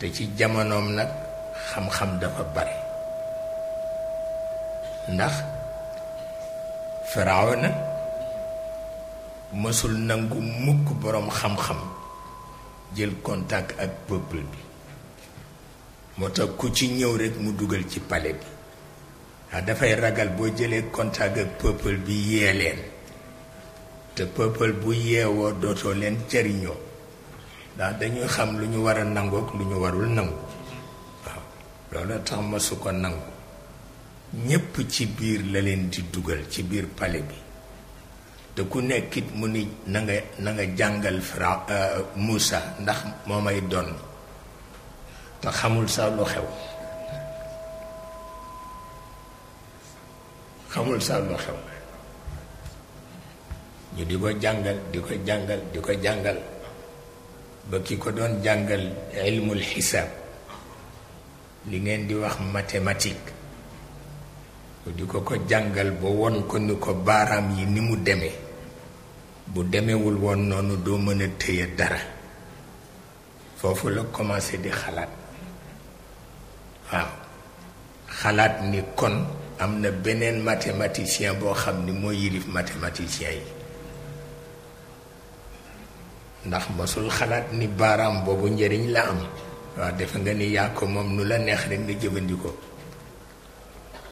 te ci jamonoom nag xam-xam dafa bare ndax na mësul nangu mukk boroom xam-xam jël contact ak peuple bi moo ku ci ñëw rekk mu dugal ci pale bi ndax dafay ragal boo jëlee contact ak peuple bi yee leen te peuple bu yeewoo dootoo leen jariñoo ndax dañuy xam lu ñu war a nangook lu ñu warul nangu waaw loolu tax ma su ko nangu ñépp ci biir la leen di dugal ci biir pale bi te ku nekkit mu ni nanga nga jàngal Fira euh, Moussa ndax moo may doon te xamul sax lu xew xamul sax lu xew ñu di ko jàngal di ko jàngal di ko jàngal ba ki ko doon jàngal ilmul xisaab li ngeen di wax mathématique di ko ko jàngal ba won ko ni ko baaraam yi ni mu demee bu demewul woon noonu doo mën a téye dara foofu la commencé di xalaat waaw xalaat ni kon am na beneen mathématicien boo xam ni moo yilif mathématicien yi ndax masul xalaat ni baaraam boobu njëriñ la am waaw defe nga ni yaa ko moom nu la neex rek nga jëfandikoo